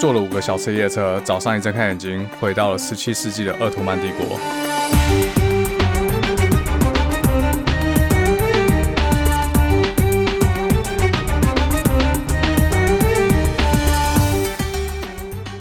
坐了五個小時的夜車，早上一睜開眼睛，回到了十七世紀的鄂圖曼帝國。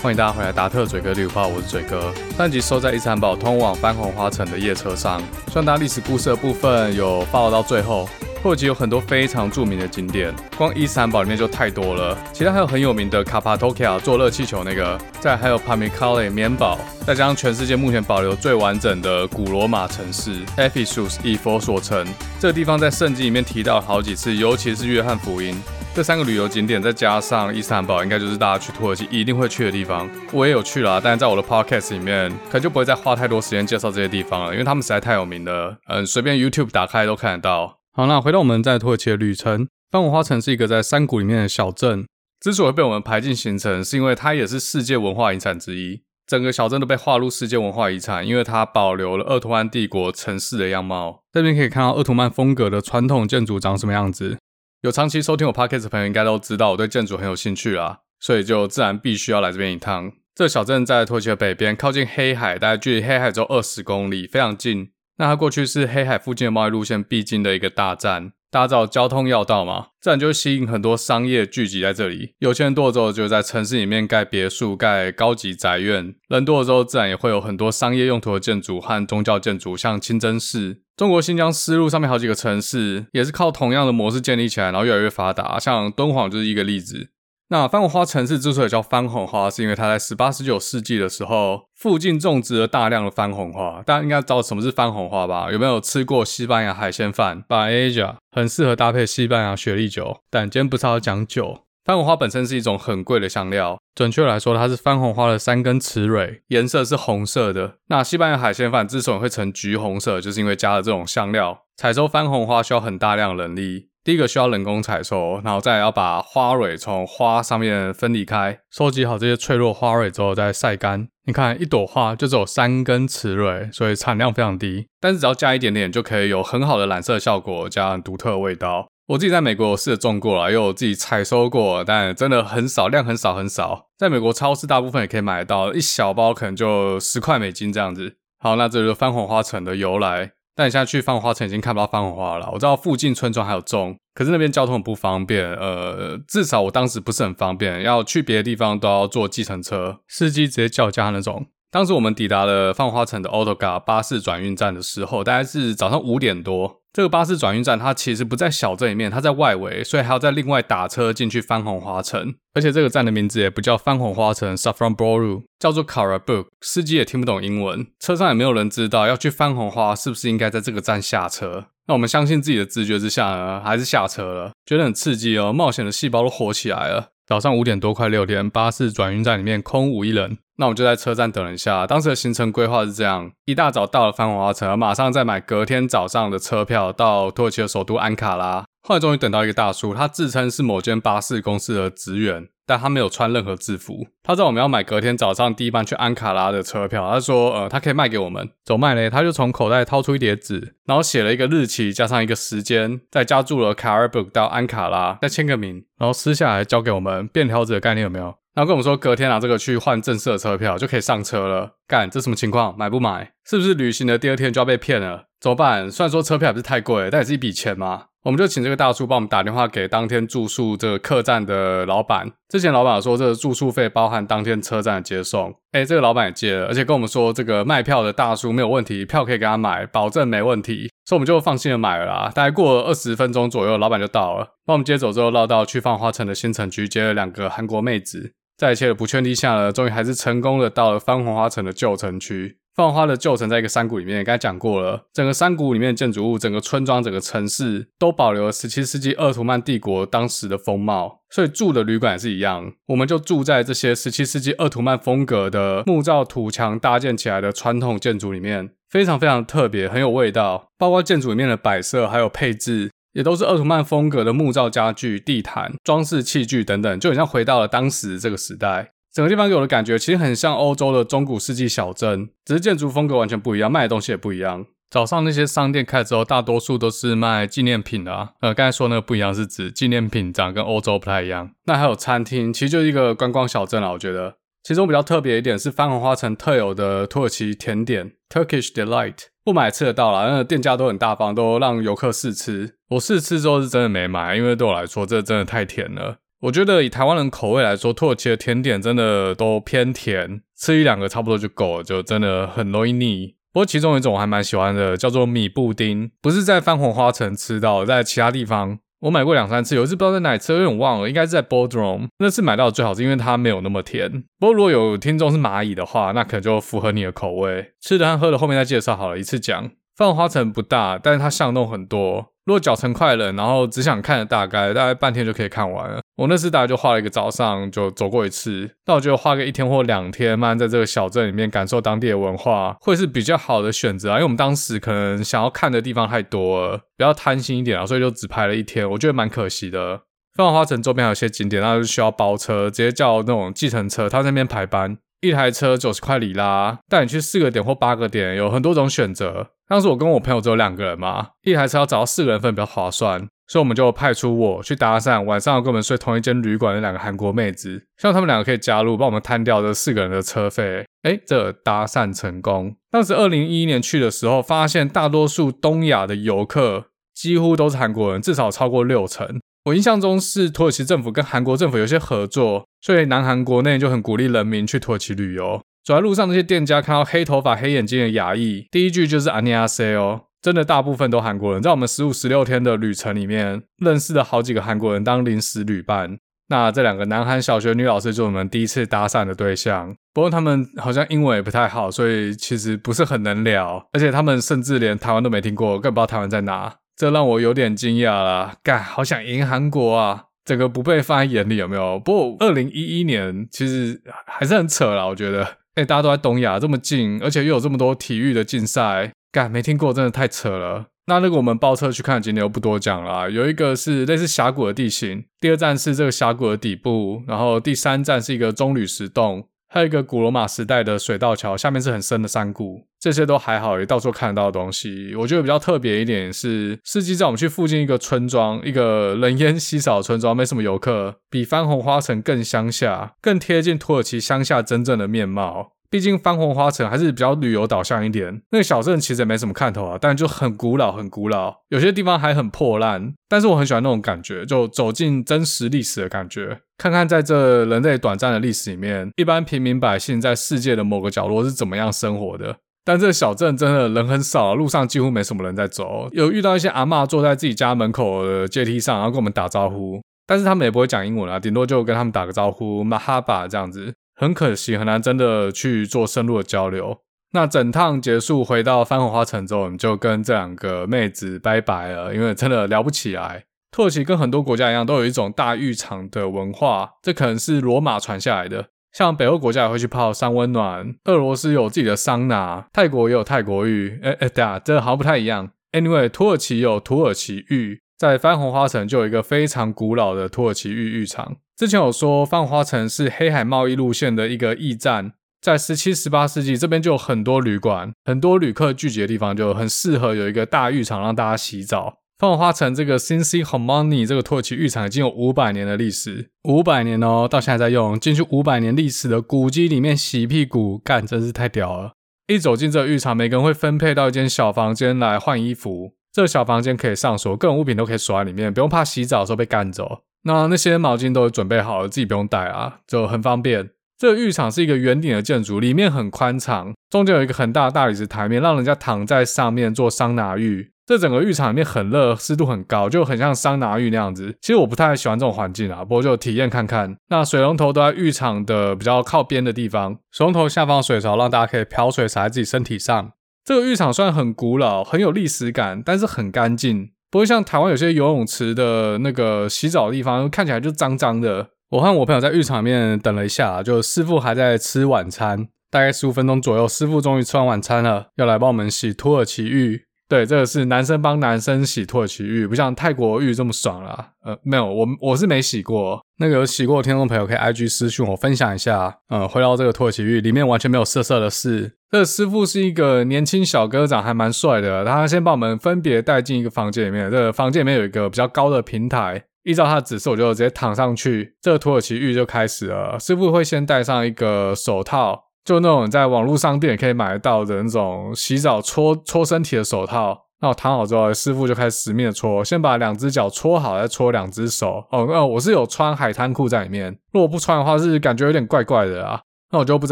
歡迎大家回來，達特嘴哥旅遊報，我是嘴哥。上集收在伊斯坦堡通往番紅花城的夜車上，算當歷史故事的部分，有報到最後。土耳其有很多非常著名的景點，光伊斯坦堡裡面就太多了。其他還有很有名的卡帕多奇亞坐熱氣球那個，再來還有帕米卡雷棉堡，ow, 再加上全世界目前保留最完整的古羅馬城市 Ephesus 以弗所城。這個地方在聖經裡面提到好幾次，尤其是約翰福音。這三個旅遊景點再加上伊斯坦堡，ow, 應該就是大家去土耳其一定會去的地方。我也有去啦，但是在我的 Podcast 裡面可能就不會再花太多時間介紹這些地方了，因為他們實在太有名了。嗯，隨便 YouTube 打開都看得到。好啦，回到我們在土耳其的旅程。番紅花城是一個在山谷裡面的小鎮，之所以被我們排進行程，是因為它也是世界文化遺產之一。整個小鎮都被劃入世界文化遺產，因為它保留了鄂圖曼帝國城市的樣貌。這邊可以看到鄂圖曼風格的傳統建築長什麼樣子。有長期收聽我 podcast 的朋友應該都知道，我對建築很有興趣啦，所以就自然必須要來這邊一趟。這個小鎮在土耳其的北邊，靠近黑海，大概距離黑海只有二十公里，非常近。那它過去是黑海附近的貿易路線必經的一個大站，大家知道交通要道嘛，自然就會吸引很多商業聚集在這裡。有錢人多的時候，就在城市裡面蓋別墅、蓋高級宅院；人多的時候，自然也會有很多商業用途的建築和宗教建築，像清真寺。中國新疆、絲路上面好幾個城市也是靠同樣的模式建立起來，然後越來越發達，像敦煌就是一個例子。那番紅花城市之所以叫番紅花，是因為它在十八十九世紀的時候附近種植了大量的番紅花。大家應該知道什麼是番紅花吧？有沒有吃過西班牙海鮮飯？Paella 很適合搭配西班牙雪莉酒，但今天不是要講酒。番紅花本身是一種很貴的香料，準確來說，它是番紅花的三根雌蕊，顏色是紅色的。那西班牙海鮮飯之所以會呈橘紅色，就是因為加了這種香料。採收番紅花需要很大量的人力。第一個需要人工採收，然後再要把花蕊從花上面分離開，收集好這些脆弱花蕊之後再曬乾。你看一朵花就只有三根雌蕊，所以產量非常低。但是只要加一點點，就可以有很好的染色效果，加上獨特的味道。我自己在美國試着種過啦，又自己採收過，但真的很少，量很少很少。在美國超市大部分也可以買到，一小包可能就十塊美金這樣子。好，那這就是番紅花城的由來。但你現在去番紅花城已經看不到番紅花了，我知道附近村莊還有種，可是那邊交通很不方便，呃，至少我當時不是很方便，要去別的地方都要坐計程車，司機直接叫價那種。當時我們抵達了番紅花城的 Otogar 巴士轉運站的時候，大概是早上五點多。這個巴士轉運站它其實不在小鎮裡面，它在外圍，所以還要再另外打車進去番紅花城。而且這個站的名字也不叫番紅花城 Safranbolu 叫做 Karabük，司機也聽不懂英文，車上也沒有人知道要去番紅花是不是應該在這個站下車。那我們相信自己的直覺之下呢，還是下車了，覺得很刺激哦，冒險的細胞都活起來了。早上五點多快六點，巴士轉運站裡面空無一人。那我們就在車站等了一下。當時的行程規劃是這樣：一大早到了番紅花城，馬上再買隔天早上的車票到土耳其的首都安卡拉。後來終於等到一個大叔，他自稱是某間巴士公司的職員，但他沒有穿任何制服。他知道我們要買隔天早上第一班去安卡拉的車票，他說：“呃，他可以賣給我們，怎麼賣嘞？”他就從口袋掏出一疊紙，然後寫了一個日期，加上一個時間，再加注了 Karabük 到安卡拉，再簽個名，然後撕下來交給我們。便條紙的概念有沒有？然後跟我們說，隔天拿這個去換正式的車票，就可以上車了。幹，這什麼情況？買不買？是不是旅行的第二天就要被騙了？怎麼辦？雖然說車票也不是太貴，但也是一筆錢嘛。我們就請這個大叔幫我們打電話給當天住宿這個客棧的老闆。之前老闆說，這個住宿費包含當天車站的接送。哎，這個老闆也接了，而且跟我們說，這個賣票的大叔沒有問題，票可以給他買，保證沒問題。所以我們就放心的買了啦。大概過了二十分鐘左右，老闆就到了，幫我們接走之後，繞道去番紅花城的新城區，接了兩個韓國妹子。在一切的不確定下呢，終於還是成功的到了番紅花城的舊城區。番紅花的舊城在一個山谷裡面，剛才講過了，整個山谷裡面的建築物、整個村莊、整個城市都保留了十七世紀鄂圖曼帝國當時的風貌，所以住的旅館也是一樣。我們就住在這些十七世紀鄂圖曼風格的木造土牆搭建起來的傳統建築裡面，非常非常特別，很有味道，包括建築裡面的擺設還有配置，也都是鄂圖曼風格的木造家具、地毯、裝飾器具等等，就很像回到了當時這個時代。整個地方給我的感覺其實很像歐洲的中古世紀小鎮，只是建築風格完全不一樣，賣的東西也不一樣。早上那些商店開之後，大多數都是賣紀念品的啊。呃，剛才說那個不一樣是指紀念品，長得跟歐洲不太一樣。那還有餐廳，其實就是一個觀光小鎮啊，我覺得。其中比較特別一點是番紅花城特有的土耳其甜點 Turkish Delight，不買吃得到啦，那個店家都很大方，都讓遊客試吃。我試吃之後是真的沒買，因為對我來說這個、真的太甜了。我覺得以台灣人口味來說，土耳其的甜點真的都偏甜，吃一兩個差不多就夠了，就真的很容易膩。不過其中一種我還蠻喜歡的，叫做米布丁，不是在番紅花城吃到，在其他地方。我買過兩三次，有一次不知道在哪吃，有點忘了，應該是在 Bodrum。那次買到的最好是因為它沒有那麼甜。不過如果有聽眾是螞蟻的話，那可能就符合你的口味。吃的和喝的後面再介紹好了，一次講。番紅花城不大，但是它巷弄很多。如果腳程快了，然後只想看大概，大概半天就可以看完了。我那次大概就花了一個早上就走過一次，但我覺得花個一天或兩天，慢慢在這個小鎮裡面感受當地的文化，會是比較好的選擇啊。因為我們當時可能想要看的地方太多了，比較貪心一點啊，所以就只拍了一天，我覺得蠻可惜的。番紅花城周邊還有些景點，那就需要包車，直接叫那種計程車，它在那邊排班。一台車九十塊里拉，帶你去四個點或八個點，有很多種選擇。當時我跟我朋友只有兩個人嘛，一台車要找到四個人份比較划算，所以我們就派出我去搭訕，晚上要跟我們睡同一間旅館的兩個韓國妹子，希望他們兩個可以加入，幫我們攤掉這四個人的車費。哎、欸，這搭訕成功。當時二零一一年去的時候，發現大多數東亞的遊客幾乎都是韓國人，至少有超過六成。我印象中是土耳其政府跟韓國政府有些合作，所以南韓國內就很鼓勵人民去土耳其旅遊。走在路上，那些店家看到黑頭髮、黑眼睛的亞裔，第一句就是“안녕하세요”哦，真的大部分都韓國人。在我們十五、十六天的旅程裡面，認識了好幾個韓國人當臨時旅伴。那這兩個南韓小學女老師就是我們第一次搭訕的對象。不過他們好像英文也不太好，所以其實不是很能聊。而且他們甚至連台灣都沒聽過，更不知道台灣在哪。這讓我有點驚訝啦，幹，好想贏韓國啊，整個不被放在眼裡有沒有？不過二零一一年其實還是很扯啦。我覺得，哎，大家都在東亞這麼近，而且又有這麼多體育的競賽，幹沒聽過，真的太扯了。那那個我們包車去看，今天就不多講了。有一個是類似峽谷的地形，第二站是這個峽谷的底部，然後第三站是一個鐘乳石洞。還有一個古羅馬時代的水道橋，下面是很深的山谷，這些都還好，也到處看得到的東西。我覺得比較特別一點是，司機帶我們去附近一個村莊，一個人煙稀少的村莊，沒什麼遊客，比番紅花城更鄉下，更貼近土耳其鄉下真正的面貌。畢竟，番紅花城還是比較旅遊導向一點。那個小鎮其實也沒什麼看頭啊，但就很古老，很古老。有些地方還很破爛，但是我很喜歡那種感覺，就走進真實歷史的感覺，看看在這人類短暫的歷史裡面，一般平民百姓在世界的某個角落是怎麼樣生活的。但這個小鎮真的人很少啊，路上幾乎沒什麼人在走。有遇到一些阿嬤坐在自己家門口的階梯上，然後跟我們打招呼，但是他們也不會講英文啊，頂多就跟他們打個招呼，mahaba 這樣子。很可惜，很難真的去做深入的交流。那整趟結束，回到番紅花城之後，我們就跟這兩個妹子拜拜了，因為真的聊不起來。土耳其跟很多國家一樣，都有一種大浴場的文化，這可能是羅馬傳下來的。像北歐國家也會去泡三溫暖，俄羅斯有自己的桑拿，泰國也有泰國浴。哎、欸、哎、欸，對啊，真的好像不太一樣。Anyway，土耳其有土耳其浴，在番紅花城就有一個非常古老的土耳其浴浴場。之前有說，番紅花城是黑海貿易路線的一個驛站，在十七、十八世紀這邊就有很多旅館，很多旅客聚集的地方，就很適合有一個大浴場讓大家洗澡。番紅花城這個 Cinci Hamamı 這個土耳其浴場已經有五百年的歷史，五百年哦，到現在在用。進去五百年歷史的古蹟裡面洗屁股，幹真是太屌了！一走進這個浴場，每個人會分配到一間小房間來換衣服，這個小房間可以上鎖，各種物品都可以鎖在裡面，不用怕洗澡的時候被幹走。那那些毛巾都準備好了，自己不用帶啊，就很方便。這個浴場是一個圓頂的建築，裡面很寬敞，中間有一個很大的大理石台面，讓人家躺在上面做桑拿浴。這整個浴場裡面很熱，濕度很高，就很像桑拿浴那樣子。其實我不太喜歡這種環境啊，不過就體驗看看。那水龍頭都在浴場的比較靠邊的地方，水龍頭下方水槽讓大家可以瓢水灑在自己身體上。這個浴場雖然很古老，很有歷史感，但是很乾淨。不會像台灣有些游泳池的那個洗澡的地方，看起來就髒脏的。我和我朋友在浴場裡面等了一下，就師傅還在吃晚餐，大概十五分鐘左右，師傅終於吃完晚餐了，要來幫我們洗土耳其浴。對，這個是男生幫男生洗土耳其浴，不像泰國浴這麼爽啦。呃，沒有，我我是沒洗過，那個有洗過的聽眾朋友可以 IG 私信我分享一下。呃，回到這個土耳其浴裡面完全沒有色色的事。這個師傅是一個年輕小哥，長還蠻帥的。他先幫我們分別帶進一個房間裡面，這個房間裡面有一個比較高的平台。依照他的指示，我就直接躺上去，這個土耳其浴就開始了。師傅會先戴上一個手套。就那種在網絡商店也可以買得到的那種洗澡搓搓身體的手套。那我躺好之後，師傅就開始死命的搓，先把兩隻腳搓好，再搓兩隻手。哦，那我是有穿海灘褲在裡面，如果不穿的話，是感覺有點怪怪的啊。那我就不知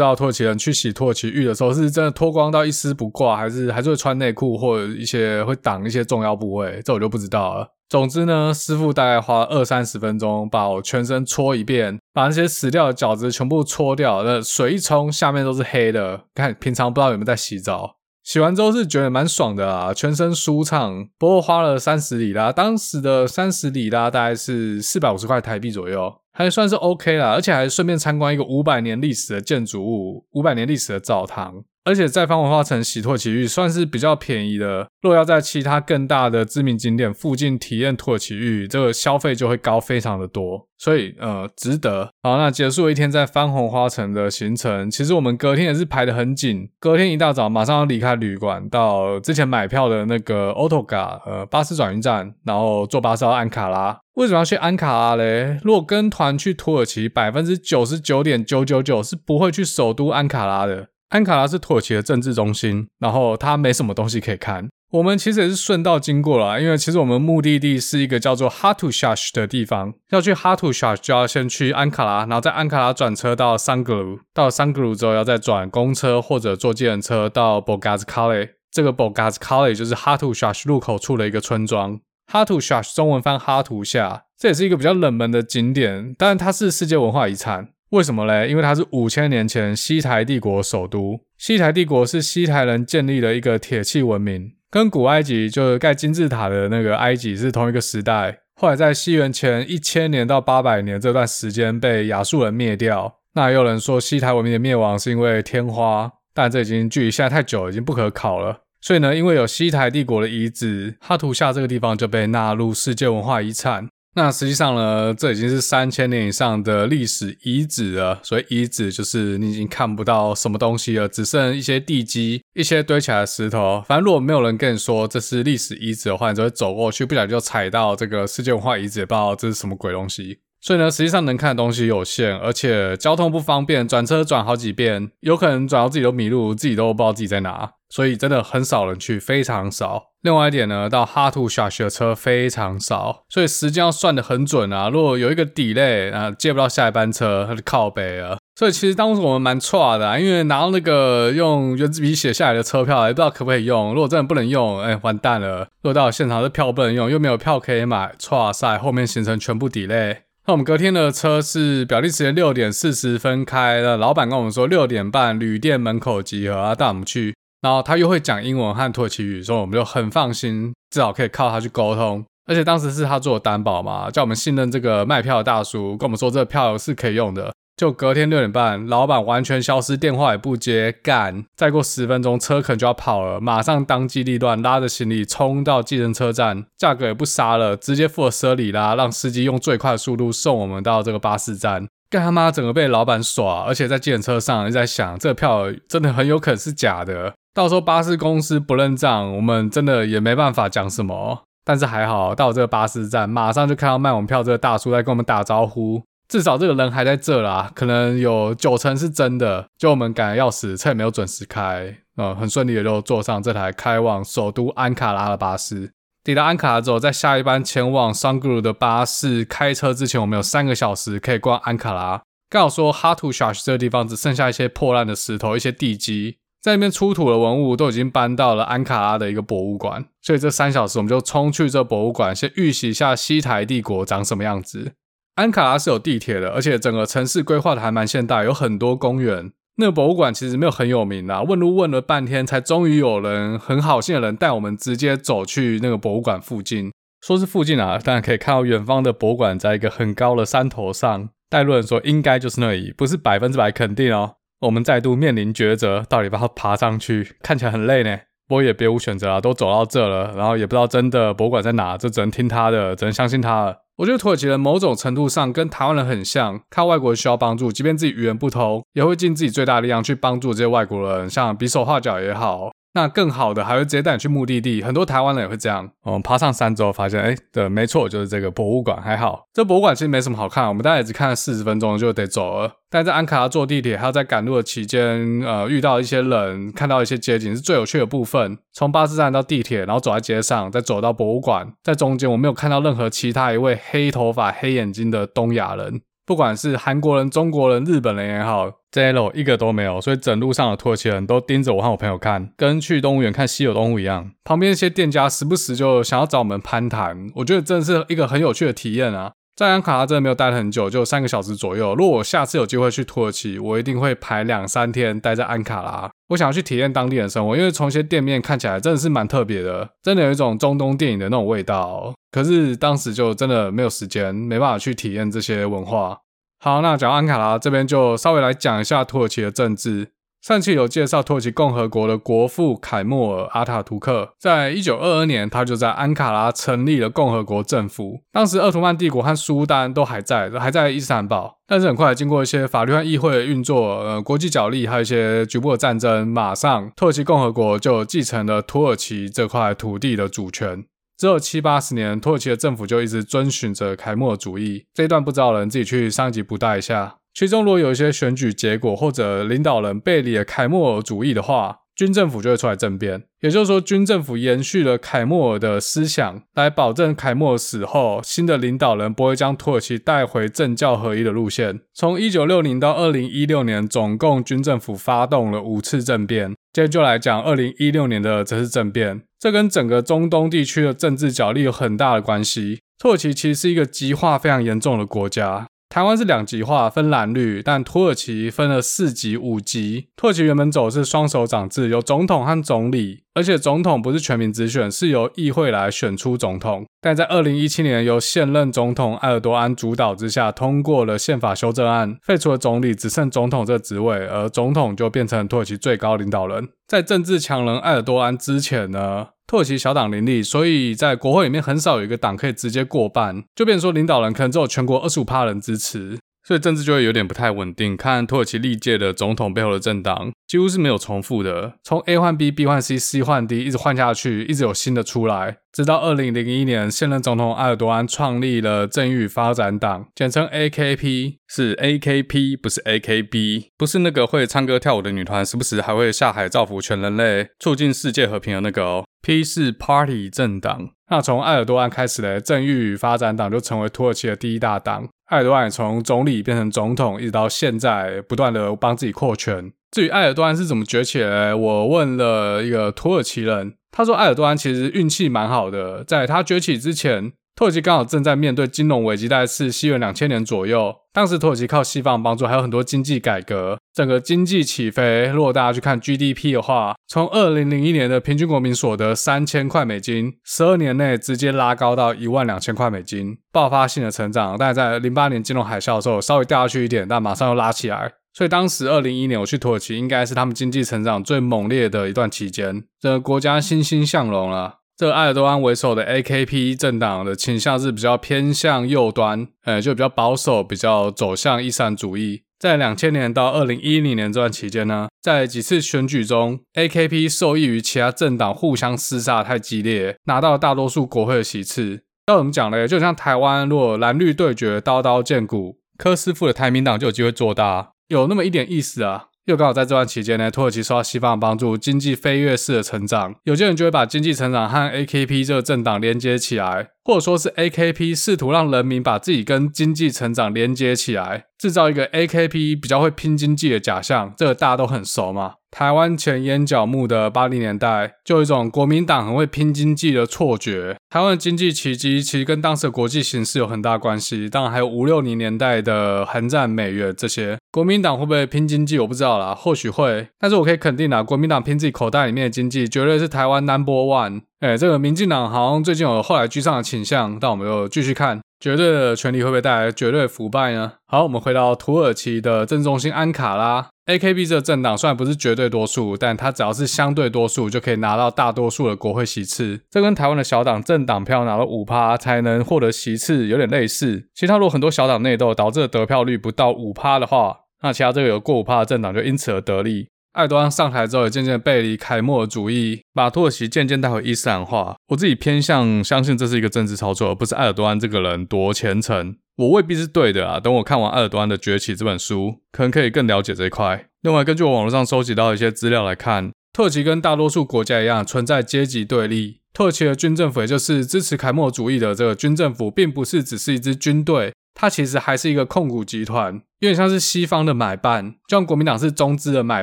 道土耳其人去洗土耳其浴的時候，是真的脫光到一絲不掛，還是還是會穿內褲或者一些會擋一些重要部位？這我就不知道了。總之呢，師傅大概花了二三十分鐘，把我全身搓一遍，把那些死掉的角質全部搓掉。那水一沖，下面都是黑的。看，平常不知道有沒有在洗澡。洗完之後是覺得蠻爽的啊，全身舒暢。不過花了三十里拉，當時的三十里拉大概是四百五十塊台幣左右。還算是 OK 啦，而且還順便參觀一個五百年歷史的建築物、五百年歷史的澡堂，而且在番紅花城洗土耳其浴算是比較便宜的。若要在其他更大的知名景點附近體驗土耳其浴，這個消費就會高非常的多，所以呃，值得。好，那結束一天在番紅花城的行程，其實我們隔天也是排得很緊，隔天一大早馬上要離開旅館，到之前買票的那個 Otogar 呃巴士轉運站，然後坐巴士到安卡拉。為什麼要去安卡拉嘞？如果跟團去土耳其，百分之九十九點九九九是不會去首都安卡拉的。安卡拉是土耳其的政治中心，然後它沒什麼東西可以看。我們其實也是順道經過了，因為其實我們目的地是一個叫做哈圖沙什的地方。要去哈圖沙什，就要先去安卡拉，然後在安卡拉轉車到桑格魯，到桑格魯之後，要再轉公車或者坐計程車到博加茲卡勒。這個博加茲卡勒就是哈圖沙什入口處的一個村莊。哈圖夏，中文翻哈圖下，這也是一個比較冷門的景點，但它是世界文化遺產。為什麼嘞？因為它是五千年前西台帝國首都。西台帝國是西台人建立的一個鐵器文明，跟古埃及就是蓋金字塔的那個埃及是同一個時代。後來在西元前一千年到八百年這段時間被亞述人滅掉。那也有人說西台文明的滅亡是因為天花，但這已經距離現在太久，已經不可考了。所以呢，因為有西台帝國的遺址，哈圖下這個地方就被納入世界文化遺產。那實際上呢，這已經是三千年以上的歷史遺址了。所以遺址就是你已經看不到什麼東西了，只剩一些地基、一些堆起來的石頭。反正如果沒有人跟你說這是歷史遺址的話，你就會走過去，不小心就踩到這個世界文化遺址，也不知道這是什麼鬼東西。所以呢，實際上能看的東西有限，而且交通不方便，轉車轉好幾遍，有可能轉到自己都迷路，自己都不知道自己在哪。所以真的很少人去，非常少。另外一點呢，到哈圖小學的車非常少，所以時間要算得很準啊。如果有一個 delay 啊，接不到下一班車，它就靠北了。所以其實當時我們蠻挫的、啊，因為拿到那個用原子筆寫下來的車票，也不知道可不可以用。如果真的不能用，哎、欸，完蛋了。落到現場的票不能用，又沒有票可以買，挫賽後面行程全部 delay。那我們隔天的車是表訂時間六點四十分開的，那老板跟我們說六點半旅店門口集合啊，帶我們去。然後他又會講英文和土耳其語，所以我們就很放心，至少可以靠他去溝通。而且當時是他做擔保嘛，叫我們信任這個賣票的大叔，跟我們說這個票是可以用的。就隔天六點半，老闆完全消失，電話也不接，幹！再過十分鐘車可能就要跑了，馬上當機立斷，拉着行李衝到計程車站，價格也不殺了，直接付了車里拉，讓司機用最快的速度送我們到這個巴士站。幹他媽！整個被老闆耍，而且在計程車上一直在想，這個票真的很有可能是假的。到時候巴士公司不認賬，我們真的也沒辦法講什麼。但是還好，到這個巴士站，馬上就看到賣我們票這個大叔在跟我們打招呼，至少這個人還在這啦，可能有九成是真的。就我們趕得要死，車也沒有準時開，呃、嗯，很順利的就坐上這台開往首都安卡拉的巴士。抵達安卡拉之後，在下一班前往桑格魯的巴士開車之前，我們有三個小時可以逛安卡拉。剛好說哈圖沙這個地方只剩下一些破爛的石頭，一些地基。在那邊出土的文物都已經搬到了安卡拉的一個博物館，所以這三小時我們就衝去這博物館，先預習一下西台帝國長什麼樣子。安卡拉是有地鐵的，而且整個城市規劃的還蠻現代，有很多公園。那個博物館其實沒有很有名啊，問路問了半天，才終於有人很好心的人帶我們直接走去那個博物館附近，說是附近啊，當然可以看到遠方的博物館在一個很高的山頭上。帶路人說應該就是那裡，不是百分之百肯定哦、喔。我們再度面臨抉擇，到底把他爬上去，看起來很累呢，不過也別無選擇啊，都走到這了，然後也不知道真的博物館在哪，這只能聽他的，只能相信他了。我覺得土耳其人某種程度上跟台灣人很像，看外國人需要幫助，即便自己語言不通，也會盡自己最大力量去幫助這些外國人，像比手畫腳也好。那，更好的還會直接帶你去目的地，很多台灣人也會這樣。我、嗯、們爬上山之後發現，哎、欸，對，沒錯，就是這個博物館。還好，這博物館其實沒什麼好看，我們大概只看了四十分鐘就得走了。但在安卡拉坐地鐵，還要在趕路的期間，呃，遇到一些人，看到一些街景是最有趣的部分。從巴士站到地鐵，然後走在街上，再走到博物館，在中間我沒有看到任何其他一位黑頭髮、黑眼睛的東亞人。不管是韓國人、中國人、日本人也好，zero 一個都沒有，所以整路上的土耳其人都盯着我和我朋友看，跟去動物園看稀有動物一樣。旁邊一些店家時不時就想要找我們攀談，我覺得真的是一個很有趣的體驗啊。在安卡拉真的沒有待很久，就三個小時左右。如果我下次有機會去土耳其，我一定會排兩三天待在安卡拉。我想要去體驗當地的生活，因為從一些店面看起來真的是蠻特別的，真的有一種中東電影的那種味道。可是當時就真的沒有時間，沒辦法去體驗這些文化。好，那講安卡拉這邊就稍微來講一下土耳其的政治。上期有介紹土耳其共和國的國父凱末爾·阿塔圖克，在一九二二年，他就在安卡拉成立了共和國政府。當時鄂圖曼帝國和蘇丹都還在，還在伊斯坦堡。但是很快經過一些法律和議會的運作，呃，國際角力，還有一些局部的戰爭，馬上土耳其共和國就繼承了土耳其這塊土地的主權。只有七八十年，土耳其的政府就一直遵循着凱末爾主義。這一段不知道的人自己去上集補帶一下。其中如果有一些選舉結果或者領導人背離了凱末爾主義的話，軍政府就會出來政變。也就是說，軍政府延續了凱末爾的思想，來保證凱末爾死後新的領導人不會將土耳其帶回政教合一的路線。從一九六零到二零一六年，總共軍政府發動了五次政變。今天就來講二零一六年的這次政變。這跟整個中東地區的政治角力有很大的關係。土耳其其實是一個極化非常嚴重的國家。台灣是兩極化，分藍綠，但土耳其分了四極、五極。土耳其原本走的是雙首長制，有總統和總理。而且總統不是全民直選，是由議會來選出總統。但在二零一七年，由現任總統埃爾多安主導之下，通過了憲法修正案，廢除了總理，只剩總統這職位，而總統就變成了土耳其最高領導人。在政治強人埃爾多安之前呢，土耳其小黨林立，所以在國會裡面很少有一個黨可以直接過半，就變成說領導人可能只有全國二十五趴人支持。所以政治就會有點不太穩定。看土耳其歷屆的總統背後的政黨，幾乎是沒有重複的，從 A 換 B，B 換 C，C 換 D，一直換下去，一直有新的出來，直到二零零一年，現任總統埃爾多安創立了正義發展黨，簡稱 AKP，是 AKP，不是 AKB，不是那個會唱歌跳舞的女團，時不時還會下海造福全人類、促進世界和平的那個哦。P 4 Party 政黨，那從埃爾多安開始呢，正義與發展黨就成為土耳其的第一大黨。埃爾多安也從總理變成總統，一直到現在，不斷地幫自己擴權。至於埃爾多安是怎麼崛起的，我問了一個土耳其人，他說埃爾多安其實運氣蠻好的，在他崛起之前。土耳其剛好正在面對金融危機，大概是西元兩千年左右。當時土耳其靠西方幫助，還有很多經濟改革，整個經濟起飛。如果大家去看 GDP 的話，從二零零一年的平均國民所得三千塊美金，十二年內直接拉高到一萬兩千塊美金，爆發性的成長。但在零八年金融海嘯的時候稍微掉下去一點，但馬上又拉起來。所以當時二零一一年我去土耳其，應該是他們經濟成長最猛烈的一段期間，整個國家欣欣向榮了。這個埃爾多安為首的 AKP 政黨的傾向是比較偏向右端，呃，就比較保守，比較走向伊斯蘭主義。在兩千年到二零一零年這段期間呢，在幾次選舉中，AKP 受益於其他政黨互相厮殺太激烈，拿到了大多數國會的席次。那我們講嘞？就像台灣如果藍綠對決刀刀見骨，柯師傅的台民黨就有機會做大，有那麼一點意思啊。又剛好在這段期間呢，土耳其受到西方幫助，經濟飛躍式的成長，有些人就會把經濟成長和 AKP 這個政黨連接起來。或者說是 AKP 試圖讓人民把自己跟經濟成長連接起來，制造一個 AKP 比較會拼經濟的假象，這個大家都很熟嘛。台灣錢淹腳目的80年代就有一種國民黨很會拼經濟的錯覺。台灣經濟奇蹟其實跟當時的國際形勢有很大關係，當然還有五六零年代的韓戰美元這些。國民黨會不會拼經濟，我不知道啦，或許會。但是我可以肯定啦，國民黨拼自己口袋裡面的經濟，絕對是台灣 number one。哎、欸，這個民進黨好像最近有後來居上的傾向，但我們就繼續看，絕對的權力會不會帶來絕對的腐敗呢？好，我們回到土耳其的政治中心安卡拉。AKP 這個政黨雖然不是絕對多數，但它只要是相對多數就可以拿到大多數的國會席次，這跟台灣的小黨政黨票拿了五趴才能獲得席次有點類似。其他如果很多小黨內鬥導致得票率不到五趴的話，那其他這個有過五趴的政黨就因此而得利。埃爾多安上台之後，也漸漸背離凱末爾主義，把土耳其漸漸帶回伊斯蘭化。我自己偏向相信這是一個政治操作，而不是埃爾多安這個人多虔誠。我未必是對的啊。等我看完《埃爾多安的崛起》這本書，可能可以更了解這一塊。另外，根據我網絡上收集到一些資料來看，土耳其跟大多數國家一樣存在階級對立。土耳其的軍政府，也就是支持凱末爾主義的這個軍政府，並不是只是一支軍隊。它其實還是一個控股集團，有點像是西方的買辦，就像國民黨是中資的買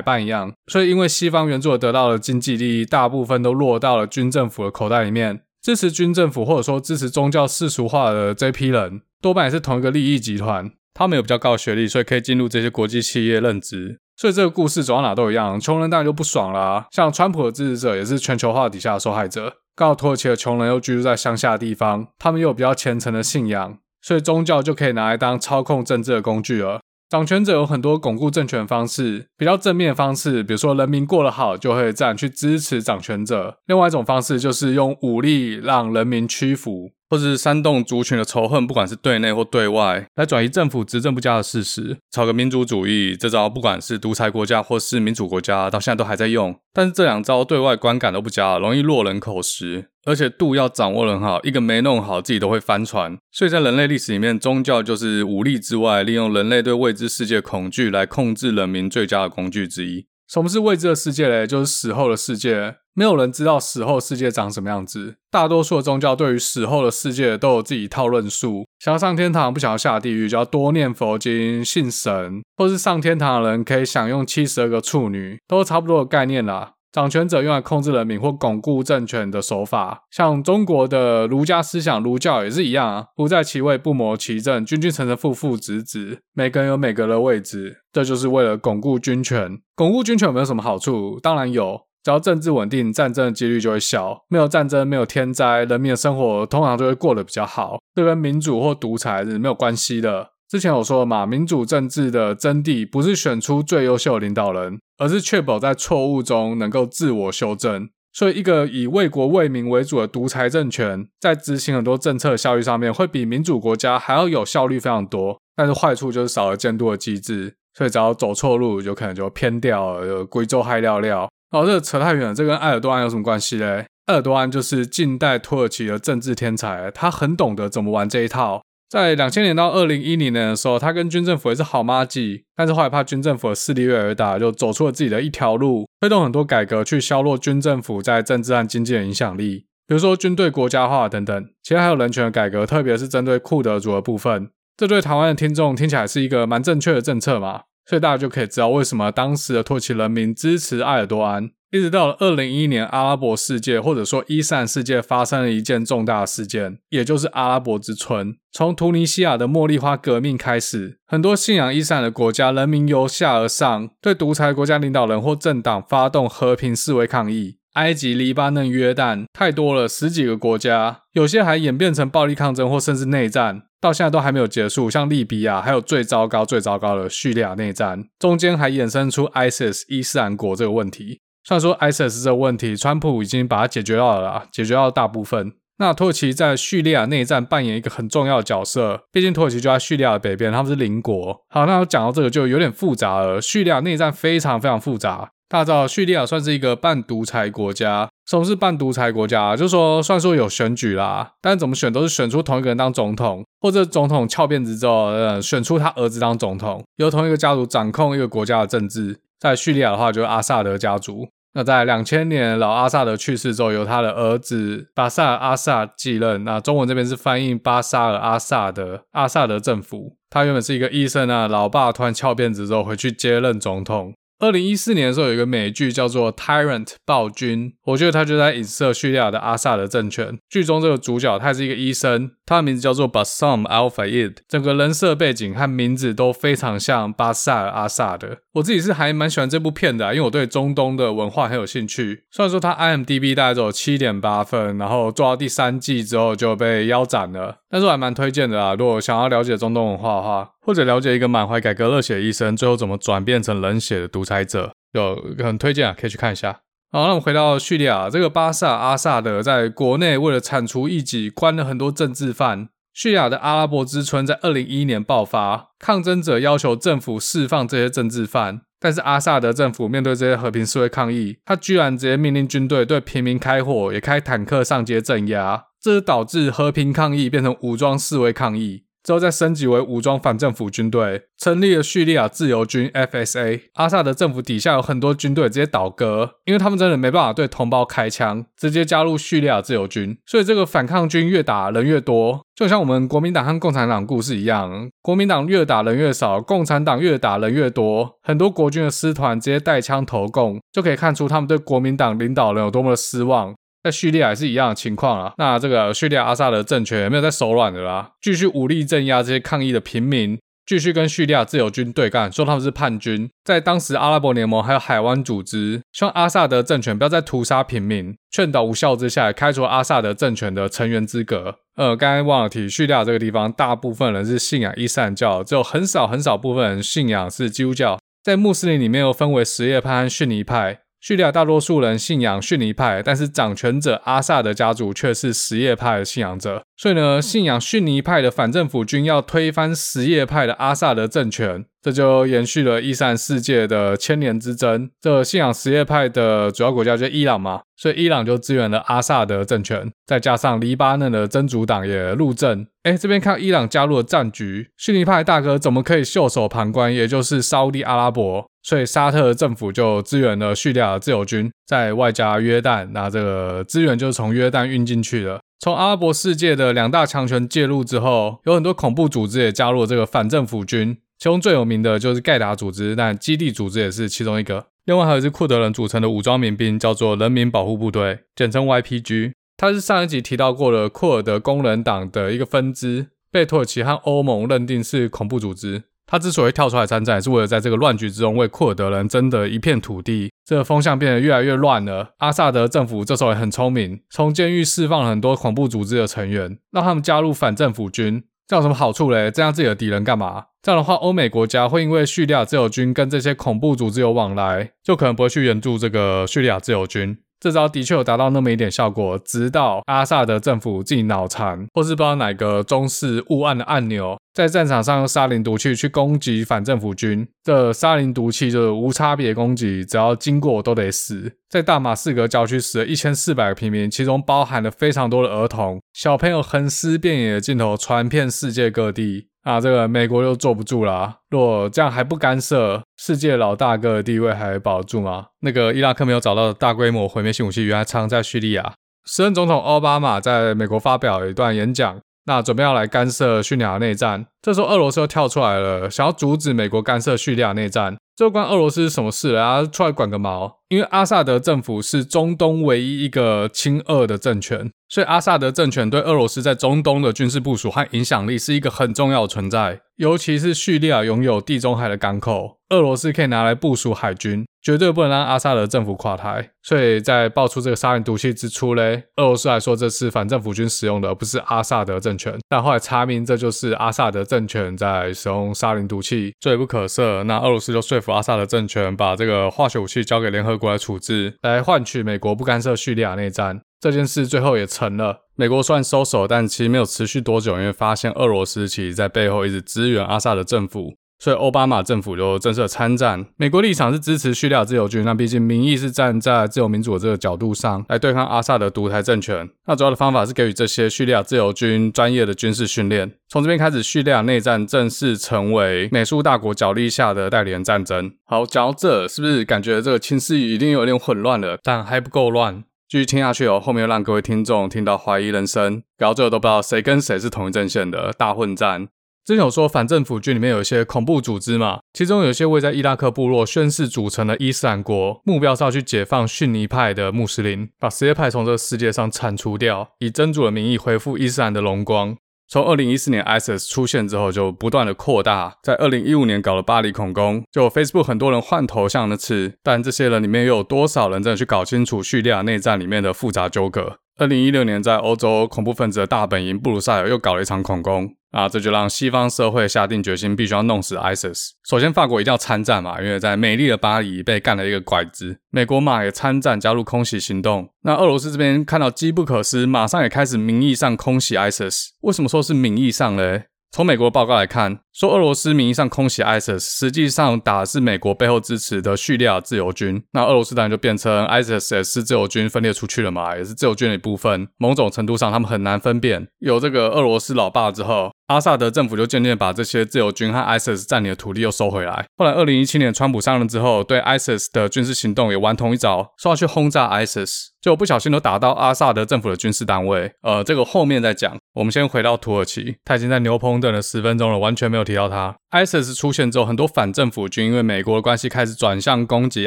辦一樣。所以，因為西方援助得到的經濟利益，大部分都落到了軍政府的口袋裡面。支持軍政府或者說支持宗教世俗化的這批人，多半也是同一個利益集團。他們有比較高學歷，所以可以進入這些國際企業任職。所以，這個故事走到哪都一樣，窮人當然就不爽啦。像川普的支持者也是全球化底下的受害者。剛好土耳其的窮人又居住在鄉下的地方，他們又有比較虔誠的信仰。所以宗教就可以拿來當操控政治的工具了。掌權者有很多鞏固政權的方式，比較正面的方式，比如說人民過得好，就會這樣去支持掌權者；另外一種方式就是用武力讓人民屈服。或是煽動族群的仇恨，不管是對內或對外，來轉移政府執政不佳的事實，炒個民族主義這招，不管是獨裁國家或是民主國家，到現在都還在用。但是這兩招對外觀感都不佳，容易落人口實，而且度要掌握很好，一個沒弄好，自己都會翻船。所以，在人類歷史裡面，宗教就是武力之外，利用人類對未知世界恐懼來控制人民最佳的工具之一。什麼是未知的世界嘞？就是死後的世界。沒有人知道死後世界長什麼樣子。大多數的宗教對於死後的世界都有自己一套論述，想要上天堂不想要下地獄，就要多念佛經、信神，或是上天堂的人可以享用七十二個處女，都有差不多的概念啦。掌權者用來控制人民或鞏固政權的手法，像中國的儒家思想、儒教也是一樣啊，不在其位不謀其政，君君臣臣父父子子，每個人有每個人的位置，這就是為了鞏固君權。鞏固君權有沒有什麼好處？當然有。只要政治穩定，戰爭的幾率就會小。沒有戰爭，沒有天災，人民的生活通常就會過得比較好。這跟民主或獨裁是沒有關係的。之前我說了嘛，民主政治的真諦不是選出最優秀的領導人，而是確保在錯誤中能夠自我修正。所以，一個以為國為民為主的獨裁政權，在執行很多政策的效益上面，會比民主國家還要有效率非常多。但是壞處就是少了監督的機制，所以只要走錯路，有可能就偏掉了，貴州害料料。哦，這個、扯太遠了，這跟埃爾多安有什麼關係嘞？埃爾多安就是近代土耳其的政治天才，他很懂得怎麼玩這一套。在兩千年到二零一零年的時候，他跟軍政府也是好麻吉，但是後來怕軍政府的勢力越來越大，就走出了自己的一條路，推動很多改革去削弱軍政府在政治和經濟的影響力，比如說軍隊國家化等等。其實還有人權的改革，特別是針對庫德族的部分，這對台灣的聽眾聽起來是一個蠻正確的政策嘛？所以大家就可以知道，為什麼當時的土耳其人民支持埃爾多安。一直到了二零一一年，阿拉伯世界或者說伊斯蘭世界發生了一件重大的事件，也就是阿拉伯之春。從突尼西亞的茉莉花革命開始，很多信仰伊斯蘭的國家人民由下而上，對獨裁國家領導人或政黨發動和平示威抗議。埃及、黎巴嫩、約旦太多了，十幾個國家，有些還演變成暴力抗爭或甚至內戰，到現在都還沒有結束。像利比亞，還有最糟糕、最糟糕的敘利亞內戰，中間還衍生出 ISIS 伊斯蘭國這個問題。雖然說 ISIS 這個問題，川普已經把它解決到了啦，解決到大部分。那土耳其在敘利亞內戰扮演一個很重要的角色，畢竟土耳其就在敘利亞的北邊，他們是鄰國。好，那我講到這個就有點複雜了，敘利亞內戰非常非常複雜。大早，敘利亞算是一個半獨裁國家。什麼是半獨裁國家啊？就是說，算是有選舉啦，但是怎麼選都是選出同一個人當總統，或者總統翹辮子之後，呃，選出他兒子當總統，由同一個家族掌控一個國家的政治。在敘利亞的話，就是阿薩德家族。那在兩千年老阿薩德去世之後，由他的兒子巴薩爾·阿薩繼任。那中文這邊是翻譯巴薩爾·阿薩德，阿薩德政府。他原本是一個醫生啊，老爸突然翹辮子之後，回去接任總統。二零一四年的時候，有一個美劇叫做《Tyrant》暴君，我覺得它就在影射敘利亞的阿薩德政權。劇中這個主角他也是一個醫生，他的名字叫做 Bassam Al Fayed，整個人設背景和名字都非常像巴薩爾阿薩德。我自己是還蠻喜歡這部片的啊，因為我對中東的文化很有興趣。雖然說他 IMDB 大概只有七點八分，然後做到第三季之後就被腰斬了，但是我還蠻推薦的啦。如果想要了解中東文化的話，或者了解一個滿懷改革熱血的醫生最後怎麼轉變成冷血的毒。裁者有很推薦啊，可以去看一下。好，那我們回到敘利亞，這個巴薩阿薩德在國內為了鏟除異己，關了很多政治犯。敘利亞的阿拉伯之春在二零一一年爆發，抗爭者要求政府釋放這些政治犯，但是阿薩德政府面對這些和平示威抗議，他居然直接命令軍隊對平民開火，也開坦克上街鎮壓，這導致和平抗議變成武裝示威抗議。之後再升級為武裝反政府軍隊，成立了敘利亞自由軍 （FSA）。阿薩德政府底下有很多軍隊直接倒戈，因為他們真的沒辦法對同胞開槍，直接加入敘利亞自由軍。所以這個反抗軍越打人越多，就像我們國民黨和共產黨故事一樣，國民黨越打人越少，共產黨越打人越多。很多國軍的師團直接帶槍投共，就可以看出他們對國民黨領導人有多麼的失望。在敘利亞也是一樣的情況啊，那這個敘利亞阿薩德政權也沒有再手軟的啦，繼續武力鎮壓這些抗議的平民，繼續跟敘利亞自由軍對幹，說他們是叛軍。在當時阿拉伯聯盟還有海灣組織，希望阿薩德政權不要再屠殺平民，勸導無效之下，開除阿薩德政權的成員資格。呃，剛剛忘了提敘利亞這個地方，大部分人是信仰伊斯蘭教，只有很少很少部分人信仰是基督教。在穆斯林裡面又分為什葉派和遜尼派。敘利亞大多數人信仰遜尼派，但是掌權者阿薩德家族卻是什葉派的信仰者。所以呢，信仰遜尼派的反政府軍要推翻什葉派的阿薩德政權，這就延續了伊斯蘭世界的千年之爭。這信仰什葉派的主要國家就是伊朗嘛，所以伊朗就支援了阿薩德政權，再加上黎巴嫩的真主黨也入陣。哎、欸，這邊看伊朗加入了戰局，遜尼派大哥怎麼可以袖手旁觀？也就是沙烏地阿拉伯，所以沙特政府就支援了敘利亞自由軍，再外加約旦，那這個資源就從約旦運進去了。從阿拉伯世界的兩大強權介入之後，有很多恐怖組織也加入了這個反政府軍，其中最有名的就是蓋達組織，但基地組織也是其中一個。另外，還有一支庫德人組成的武裝民兵，叫做人民保護部隊，簡稱 YPG。它是上一集提到過的庫爾德工人黨的一個分支，被土耳其和歐盟認定是恐怖組織。他之所以跳出來參戰，是為了在這個亂局之中為庫爾德人爭得一片土地。這個風向變得越來越亂了。阿薩德政府這時候也很聰明，從監獄釋放了很多恐怖組織的成員，讓他們加入反政府軍。這有什麼好處嘞？這樣自己的敵人幹嘛？這樣的話，歐美國家會因為敘利亞自由軍跟這些恐怖組織有往來，就可能不會去援助這個敘利亞自由軍。這招的確有達到那麼一點效果，直到阿薩德政府自己腦殘，或是不知道哪個中士誤按的按鈕，在戰場上用沙林毒氣去攻擊反政府軍。這沙林毒氣就是無差別攻擊，只要經過都得死。在大馬士革郊區死了一千四百個平民，其中包含了非常多的兒童、小朋友，橫屍遍野的鏡頭傳遍世界各地。啊，這個美國又坐不住了啊。如果這樣還不干涉，世界老大哥的地位還保得住嗎？那個伊拉克沒有找到的大規模毀滅性武器，原來藏在敘利亞。時任總統奧巴馬在美國發表一段演講，那準備要來干涉敘利亞內戰。這時候俄羅斯又跳出來了，想要阻止美國干涉敘利亞內戰。這關俄羅斯什麼事啊？出來管個毛！因為阿薩德政府是中東唯一一個親俄的政權，所以阿薩德政權對俄羅斯在中東的軍事部署和影響力是一個很重要的存在。尤其是敘利亞擁有地中海的港口，俄羅斯可以拿來部署海軍，絕對不能讓阿薩德政府垮台。所以在爆出這個沙林毒氣之初嘞，俄羅斯還說這是反政府軍使用的，而不是阿薩德政權。但後來查明這就是阿薩德政權在使用沙林毒氣，罪不可赦。那俄羅斯就說服阿薩德政權把這個化學武器交給聯合。過來處置，來換取美國不干涉敘利亞內戰這件事，最後也成了。美國算收手，但其實沒有持續多久，因為發現俄羅斯其實在背後一直支援阿薩德政府。所以奧巴馬政府就正式參戰，美國立場是支持敘利亞自由軍。那畢竟民意是站在自由民主的這個角度上來對抗阿薩德獨裁政權。那主要的方法是給予這些敘利亞自由軍專業的軍事訓練。從這邊開始，敘利亞內戰正式成為美蘇大國角力下的代理人戰爭。好，講到這，是不是感覺這個情勢已經有點混亂了？但還不夠亂，繼續聽下去哦。後面又讓各位聽眾聽到懷疑人生，搞到最後都不知道誰跟誰是同一陣線的大混戰。之前有說反政府軍裡面有一些恐怖組織嘛，其中有一些為在伊拉克部落宣誓組成的伊斯蘭國，目標是要去解放遜尼派的穆斯林，把什葉派從這個世界上鏟除掉，以真主的名義恢復伊斯蘭的榮光。從二零一四年 ISIS IS 出現之後，就不斷的擴大，在二零一五年搞了巴黎恐攻，就 Facebook 很多人換頭像那次，但這些人裡面又有多少人真的去搞清楚敘利亞內戰裡面的複雜糾葛？二零一六年，在歐洲恐怖分子的大本營布魯塞爾又搞了一場恐攻啊！這就讓西方社會下定決心，必須要弄死 ISIS IS。首先，法國一定要參戰嘛，因為在美麗的巴黎被幹了一個拐子。美國嘛也參戰，加入空襲行動。那俄羅斯這邊看到機不可失，馬上也開始名義上空襲 ISIS。為什麼說是名義上嘞？從美國的報告來看，說俄羅斯名義上空襲 ISIS，IS 實際上打的是美國背後支持的敘利亞自由軍。那俄羅斯當然就變成 ISIS 是自由軍分裂出去了嘛，也是自由軍的一部分。某種程度上，他們很難分辨。有這個俄羅斯老爸之後。阿薩德政府就漸漸把這些自由軍和 ISIS 佔領的土地又收回來。後來，二零一七年川普上任之後，對 ISIS 的軍事行動也玩同一招，說要去轟炸 ISIS，結果不小心都打到阿薩德政府的軍事單位。呃，這個後面再講。我們先回到土耳其，他已經在牛棚等了十分鐘了，完全沒有提到他。ISIS 出現之後，很多反政府軍因為美國的關係開始轉向攻擊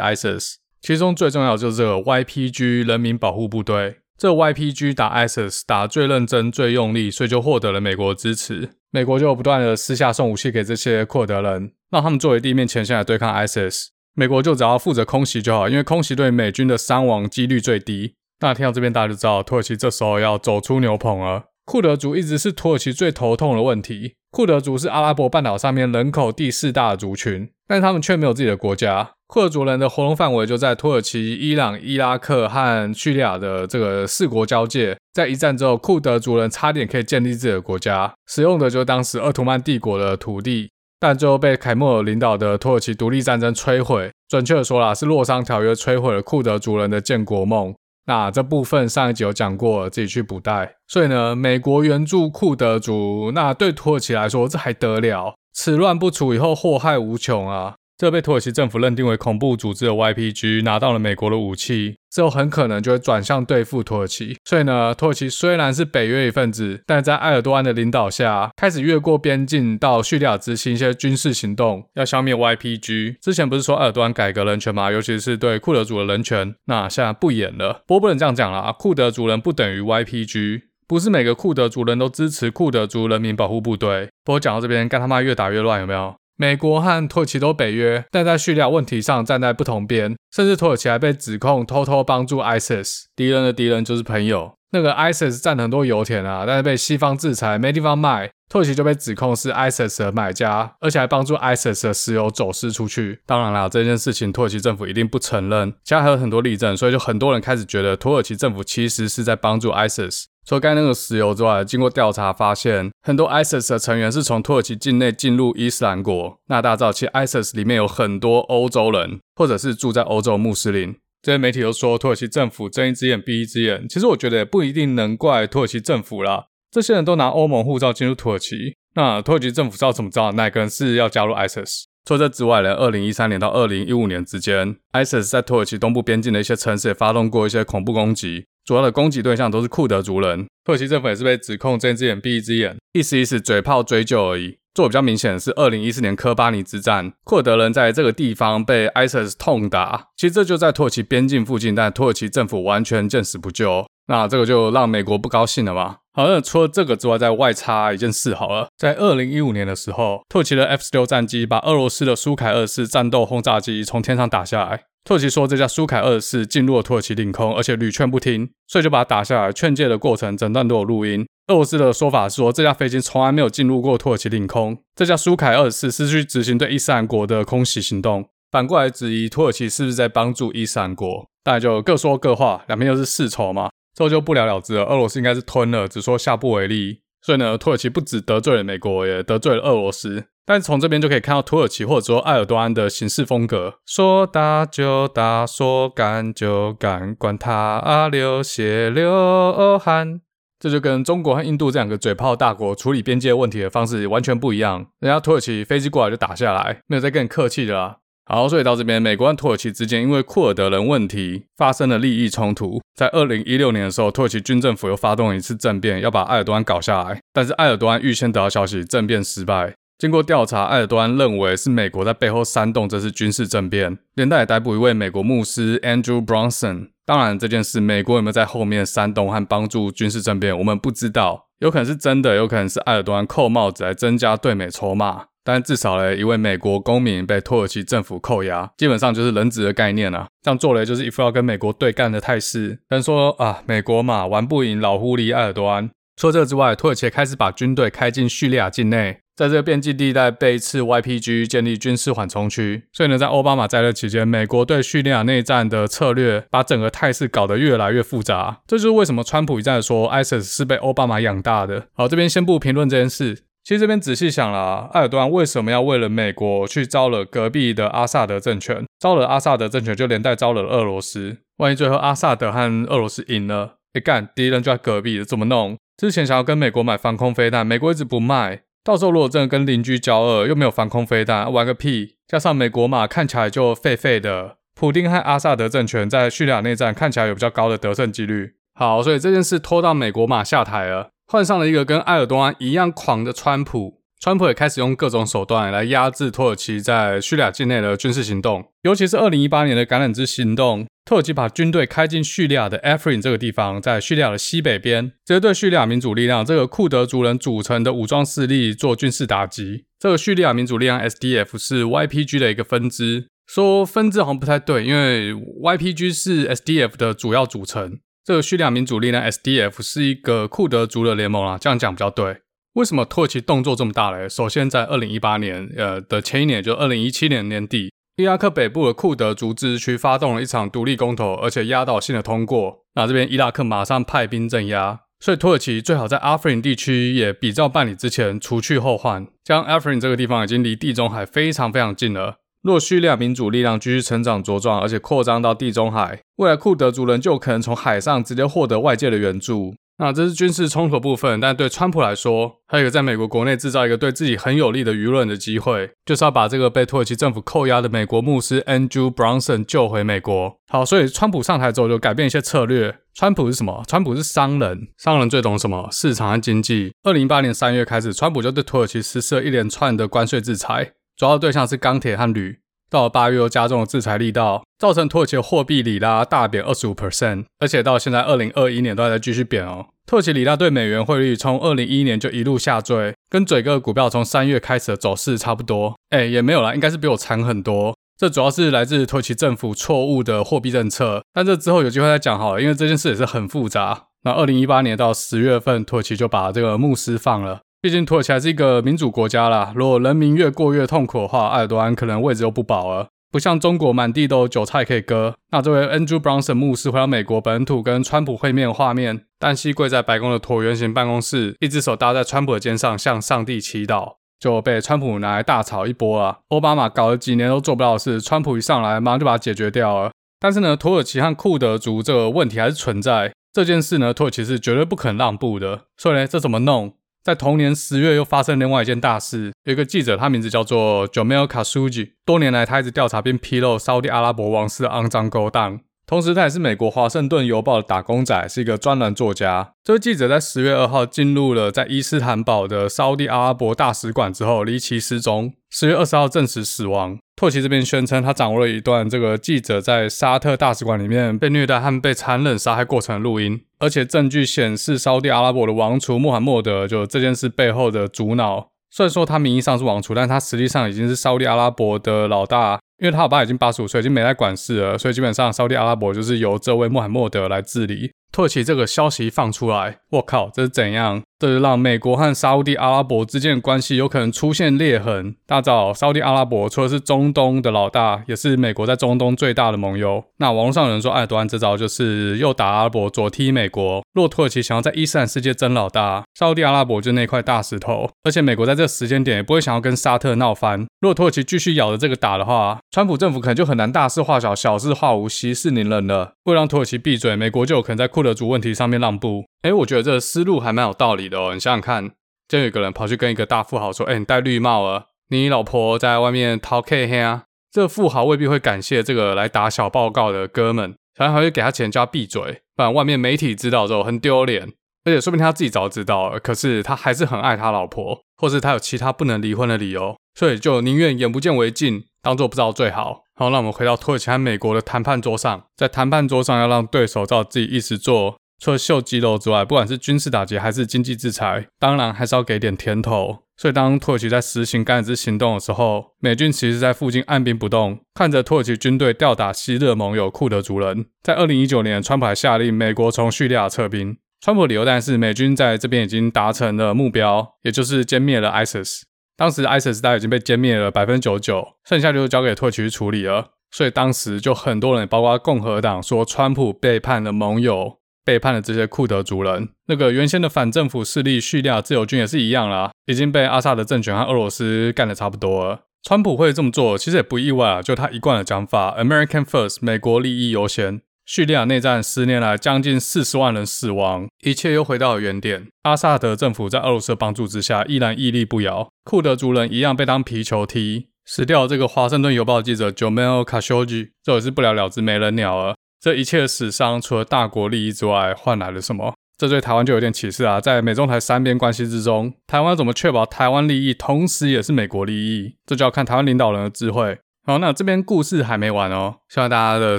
ISIS，其中最重要的就是 YPG 人民保護部隊。這 YPG 打 ISIS 打得最認真最用力，所以就獲得了美國的支持。美國就不斷地私下送武器給這些庫德人，讓他們作為地面前線來對抗 ISIS。美國就只要負責空襲就好，因為空襲對美軍的傷亡幾率最低。那聽到這邊大家就知道，土耳其這時候要走出牛棚了。庫德族一直是土耳其最頭痛的問題。庫德族是阿拉伯半島上面人口第四大的族群，但他們卻沒有自己的國家。庫德族人的活動範圍就在土耳其、伊朗、伊拉克和敘利亞的這個四國交界。在一戰之後，庫德族人差點可以建立自己的國家，使用的就是當時鄂圖曼帝國的土地，但最後被凱末爾領導的土耳其獨立戰爭摧毀。準確的說啦，是《洛桑條約》摧毀了庫德族人的建國夢。那這部分上一集有講過，自己去補帶。所以呢，美國援助庫德族，那對土耳其來說，這還得了？此亂不除，以後禍害無窮啊！這被土耳其政府認定為恐怖組織的 YPG 拿到了美國的武器，之後很可能就會轉向對付土耳其。所以呢，土耳其雖然是北約一分子，但在埃爾多安的領導下，開始越過邊境到敘利亞執行一些軍事行動，要消滅 YPG。之前不是說埃爾多安改革人權嗎？尤其是對庫德族的人權。那現在不演了，不過不能這樣講了啊！庫德族人不等於 YPG，不是每個庫德族人都支持庫德族人民保護部隊。不過講到這邊，幹他媽越打越亂，有沒有？美國和土耳其都北約，但在敘利亞問題上站在不同邊，甚至土耳其還被指控偷偷幫助 ISIS。敵人的敵人就是朋友。那個 ISIS 佔很多油田啊，但是被西方制裁，沒地方賣，土耳其就被指控是 ISIS 的買家，而且還幫助 ISIS 的石油走私出去。當然啦，這件事情土耳其政府一定不承認。現在還有很多例證，所以就很多人開始覺得土耳其政府其實是在幫助 ISIS。除了那個石油之外，經過調查發現，很多 ISIS IS 的成員是從土耳其境內進入伊斯蘭國。那大早期 ISIS IS 裡面有很多歐洲人，或者是住在歐洲的穆斯林。這些媒體都說土耳其政府睜一隻眼閉一隻眼，其實我覺得也不一定能怪土耳其政府啦。這些人都拿歐盟護照進入土耳其，那土耳其政府知道怎麼着？哪個人是要加入 ISIS？IS 除了這之外呢？二零一三年到二零一五年之間，ISIS IS 在土耳其東部邊境的一些城市也發動過一些恐怖攻擊。主要的攻擊對象都是庫德族人，土耳其政府也是被指控睜一只眼閉一只眼，意思意思嘴炮追究而已。做的比較明顯的是二零一四年科巴尼之戰，庫德人在這個地方被 ISIS 痛打，其實這就在土耳其邊境附近，但土耳其政府完全見死不救，那這個就讓美國不高興了嘛。好了，那除了這個之外，在外插一件事好了，在二零一五年的時候，土耳其的 F 十六戰機把俄羅斯的蘇凱24戰鬥轟炸機從天上打下來。土耳其說，這架蘇凱24進入了土耳其領空，而且屢勸不聽，所以就把它打下來。勸誡的過程，整段都有錄音。俄羅斯的說法是說，這架飛機從來沒有進入過土耳其領空，這架蘇凱24是去執行對伊斯蘭國的空襲行動。反過來質疑土耳其是不是在幫助伊斯蘭國，大家就各說各話，兩邊又是世仇嘛，最後就不了了之了。俄羅斯應該是吞了，只說下不為例。所以呢，土耳其不止得罪了美國，也得罪了俄羅斯。但是從這邊就可以看到土耳其或者說埃爾多安的行事風格，說打就打，說幹就幹，管他流血流汗。這就跟中國和印度這兩個嘴炮大國處理邊界問題的方式完全不一樣。人家土耳其飛機過來就打下來，沒有再跟你客氣的啦。好，所以到這邊，美國和土耳其之間因為庫爾德人問題發生了利益衝突。在二零一六年的時候，土耳其軍政府又發動了一次政變，要把埃爾多安搞下來。但是埃爾多安預先得到消息，政變失敗。經過調查，埃爾多安認為是美國在背後煽動這次軍事政變，連帶逮捕一位美國牧師 Andrew Brunson。當然，這件事美國有沒有在後面煽動和幫助軍事政變，我們不知道，有可能是真的，有可能是埃爾多安扣帽子來增加對美籌碼。但至少呢，一位美國公民被土耳其政府扣押，基本上就是人質的概念啊。這樣做嘞，就是一副要跟美國對幹的態勢。但說啊，美國嘛，玩不贏老狐狸埃爾多安。除了這之外，土耳其開始把軍隊開進敘利亞境內。在這個邊境地帶被刺 YPG 建立軍事緩衝區，所以呢，在奧巴馬在任期間，美國對敘利亞內戰的策略把整個態勢搞得越來越複雜。這就是為什麼川普一再說 ISIS 是被奧巴馬養大的。好，這邊先不評論這件事。其實這邊仔細想啦，埃爾多安為什麼要為了美國去招惹隔壁的阿薩德政權？招惹阿薩德政權，就連帶招惹了俄羅斯。萬一最後阿薩德和俄羅斯贏了，哎幹，敵人就在隔壁，怎麼弄？之前想要跟美國買防空飛彈，美國一直不賣。到時候如果真的跟鄰居交惡，又沒有防空飛彈，啊，玩個屁！加上美國馬看起來就廢廢的，普丁和阿薩德政權在敘利亞內戰看起來有比較高的得勝幾率。好，所以這件事拖到美國馬下台了，換上了一個跟埃爾多安一樣狂的川普。川普也開始用各種手段來壓制土耳其在敘利亞境內的軍事行動，尤其是二零一八年的橄欖枝行動，土耳其把軍隊開進敘利亞的 Efrin 這個地方，在敘利亞的西北邊，直接對敘利亞民主力量這個庫德族人組成的武裝勢力做軍事打擊。這個敘利亞民主力量 SDF 是 YPG 的一個分支，說分支好像不太對，因為 YPG 是 SDF 的主要組成。這個敘利亞民主力量 SDF 是一個庫德族的聯盟啊，這樣講比較對。為什麼土耳其動作這麼大呢？首先，在二零一八年，呃的前一年，就二零一七年年底，伊拉克北部的庫德族自治區發動了一場獨立公投，而且壓倒性的通過。那這邊伊拉克馬上派兵鎮壓，所以土耳其最好在阿弗林地區也比照辦理之前，除去後患。將阿弗林這個地方已經離地中海非常非常近了。若敘利亞民主力量繼續成長茁壯，而且擴張到地中海，未來庫德族人就可能從海上直接獲得外界的援助。那這是軍事衝突部分，但對川普來說，他有個在美國國內制造一個對自己很有利的輿論的機會，就是要把這個被土耳其政府扣押的美國牧師 Andrew Brunson 救回美國。好，所以川普上台之後就改變一些策略。川普是什麼？川普是商人，商人最懂什麼？市場和經濟。二零一八年三月開始，川普就對土耳其實施了一連串的關稅制裁，主要的對象是鋼鐵和鋁。到了八月，又加重了制裁力道，造成土耳其貨幣里拉大貶二十五 percent，而且到現在二零二一年都還在繼續貶哦。土耳其里拉對美元匯率從二零一一年就一路下墜，跟嘴哥的股票從三月開始的走勢差不多。哎，也沒有啦，應該是比我慘很多。這主要是來自土耳其政府錯誤的貨幣政策，但這之後有機會再講好了，因為這件事也是很複雜。那二零一八年到十月份，土耳其就把這個牧師放了。畢竟土耳其還是一個民主國家啦，如果人民越過越痛苦的話，埃爾多安可能位置又不保了。不像中國滿地都有韭菜可以割。那這位 Andrew Brunson 牧師回到美國本土跟川普會面的畫面，單膝跪在白宮的橢圓形辦公室，一隻手搭在川普的肩上向上帝祈禱，就被川普拿來大炒一波啊，奧巴馬搞了幾年都做不到的事，川普一上來馬上就把它解決掉了。但是呢，土耳其和庫德族這個問題還是存在。這件事呢，土耳其是絕對不肯讓步的。所以呢，這怎麼弄？在同年十月，又發生另外一件大事。有個記者，他名字叫做 Jamal Khashoggi，多年來他一直調查並披露沙烏地阿拉伯王室的骯髒勾當。同時，他也是美國華盛頓郵報的打工仔，是一個專欄作家。這位記者在十月二號進入了在伊斯坦堡的沙烏地阿拉伯大使館之後，離奇失蹤。十月二十號證實死亡。土耳其這邊宣稱，他掌握了一段這個記者在沙特大使館裡面被虐待和被殘忍殺害過程的錄音，而且證據顯示，沙地阿拉伯的王儲穆罕默,默德就這件事背後的主腦。雖然說他名義上是王儲，但他實際上已經是沙地阿拉伯的老大，因為他老爸,爸已經八十五歲，已經沒在管事了，所以基本上沙地阿拉伯就是由這位穆罕默德來治理。土耳其這個消息放出來，我靠，這是怎樣？這是讓美國和沙烏地阿拉伯之間的關係有可能出現裂痕。大早，沙烏地阿拉伯除了是中東的老大，也是美國在中東最大的盟友。那網絡上有人說，埃爾多安這招就是右打阿拉伯，左踢美國。若土耳其想要在伊斯蘭世界爭老大，沙烏地阿拉伯就那塊大石頭。而且美國在這時間點也不會想要跟沙特鬧翻。若土耳其繼續咬着這個打的話，川普政府可能就很難大事化小，小事化無息，息事寧人了。為了讓土耳其閉嘴，美國就有可能在庫得主問題上面讓步，哎、欸，我覺得這個思路還蠻有道理的哦。你想想看，今天有個人跑去跟一個大富豪說：“哎、欸，你戴綠帽啊，你老婆在外面討客兄啊。”這個、富豪未必會感謝這個來打小報告的哥們，反而還會給他錢叫他閉嘴，不然外面媒體知道之後很丟臉，而且說不定他自己早知道了，可是他還是很愛他老婆，或是他有其他不能離婚的理由，所以就寧願眼不見為淨，當做不知道最好。好，那我們回到土耳其和美國的談判桌上。在談判桌上要讓對手照自己意思做，除了秀肌肉之外，不管是軍事打擊還是經濟制裁，當然還是要給點甜頭。所以，當土耳其在實行橄欖枝行動的時候，美軍其實在附近按兵不動，看着土耳其軍隊吊打昔日盟友庫德族人。在二零一九年，川普還下令美國從敘利亞撤兵，川普的理由但是美軍在這邊已經達成了目標，也就是殲滅了 ISIS IS。當時 ISIS 大 IS 已經被殲滅了百分之九十九，剩下就交給土耳其處理了。所以當時就很多人，包括共和黨，說川普背叛了盟友，背叛了這些庫德族人。那個原先的反政府勢力敘利亞自由軍也是一樣啦，已經被阿薩德政權和俄羅斯幹得差不多了。川普會這麼做，其實也不意外啊，就他一貫的講法：American First，美國利益優先。敘利亞內戰十年來，將近四十萬人死亡，一切又回到了原點。阿薩德政府在俄羅斯的幫助之下，依然屹立不搖。庫德族人一樣被當皮球踢。死掉這個《華盛頓郵報》記者 Jomel Khashoggi，這也是不了了之，沒人鳥了。這一切的死傷，除了大國利益之外，換來了什麼？這對台灣就有點啟示啊！在美中台三邊關係之中，台灣要怎麼確保台灣利益，同時也是美國利益？這就要看台灣領導人的智慧。好，那這邊故事還沒完哦，希望大家的